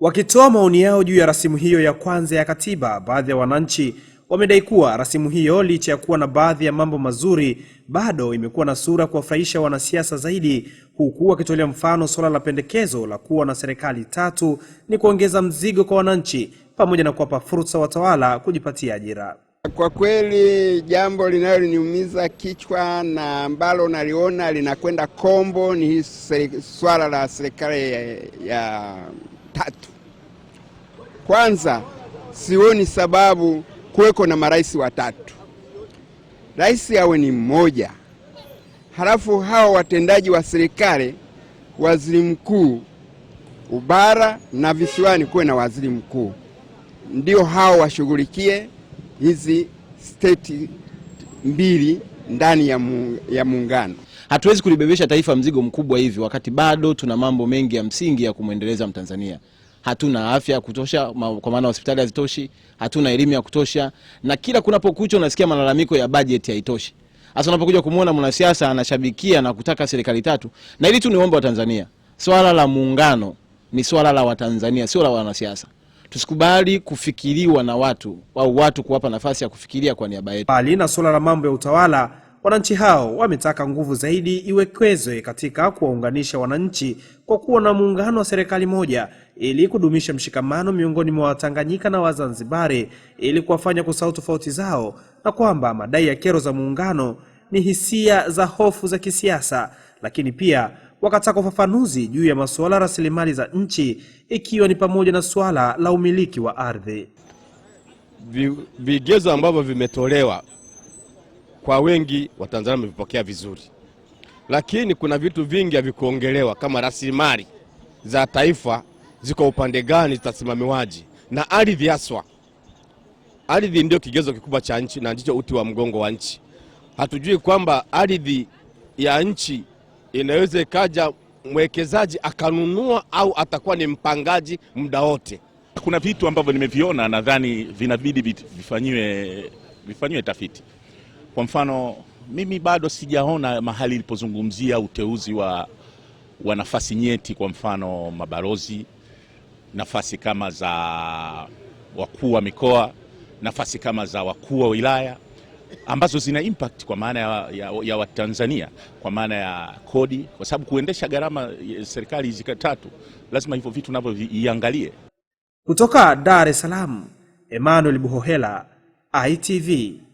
Wakitoa maoni yao juu ya rasimu hiyo ya kwanza ya katiba, baadhi ya wananchi wamedai kuwa rasimu hiyo licha ya kuwa na baadhi ya mambo mazuri, bado imekuwa na sura kuwafurahisha wanasiasa zaidi, huku wakitolea mfano suala la pendekezo la kuwa na serikali tatu ni kuongeza mzigo kwa wananchi pamoja na kuwapa fursa watawala kujipatia ajira. Kwa kweli jambo linaloniumiza kichwa na ambalo naliona linakwenda kombo ni swala la serikali ya watatu. Kwanza, sioni sababu kuweko na marais watatu, rais awe ni mmoja, halafu hawa watendaji wa serikali, waziri mkuu ubara na visiwani kuwe na waziri mkuu, ndio hao washughulikie hizi state mbili ndani ya muungano hatuwezi kulibebesha taifa mzigo mkubwa hivi, wakati bado tuna mambo mengi ya msingi ya kumwendeleza Mtanzania. Hatuna afya ya kutosha, kwa maana hospitali hazitoshi, hatuna elimu ya kutosha, na kila kunapokucha unasikia malalamiko ya bajeti haitoshi. Hasa unapokuja kumwona mwanasiasa anashabikia na kutaka serikali tatu, na ili tu niombe Watanzania, swala la muungano ni swala la Watanzania, sio la wanasiasa. Tusikubali kufikiriwa na watu au watu kuwapa nafasi ya kufikiria kwa niaba yetu, bali na swala la mambo ya utawala Wananchi hao wametaka nguvu zaidi iwekezwe katika kuwaunganisha wananchi kwa kuwa na muungano wa serikali moja ili kudumisha mshikamano miongoni mwa Watanganyika na Wazanzibari ili kuwafanya kusahau tofauti zao, na kwamba madai ya kero za muungano ni hisia za hofu za kisiasa, lakini pia wakataka ufafanuzi juu ya masuala rasilimali za nchi ikiwa ni pamoja na suala la umiliki wa ardhi. Vigezo ambavyo vimetolewa kwa wengi Watanzania wamevipokea vizuri, lakini kuna vitu vingi havikuongelewa kama rasilimali za taifa ziko upande gani, zitasimamiwaje na ardhi haswa. Ardhi ndio kigezo kikubwa cha nchi na ndicho uti wa mgongo wa nchi. Hatujui kwamba ardhi ya nchi inaweza ikaja mwekezaji akanunua au atakuwa ni mpangaji muda wote. Kuna vitu ambavyo nimeviona nadhani vinabidi vifanyiwe, vifanyiwe tafiti. Kwa mfano mimi bado sijaona mahali ilipozungumzia uteuzi wa, wa nafasi nyeti, kwa mfano mabalozi, nafasi kama za wakuu wa mikoa, nafasi kama za wakuu wa wilaya ambazo zina impact kwa maana ya, ya, ya Watanzania kwa maana ya kodi, kwa sababu kuendesha gharama eh, serikali hizi tatu lazima hivyo vitu navyo viangalie. Kutoka Dar es Salaam, Emmanuel Buhohela, ITV.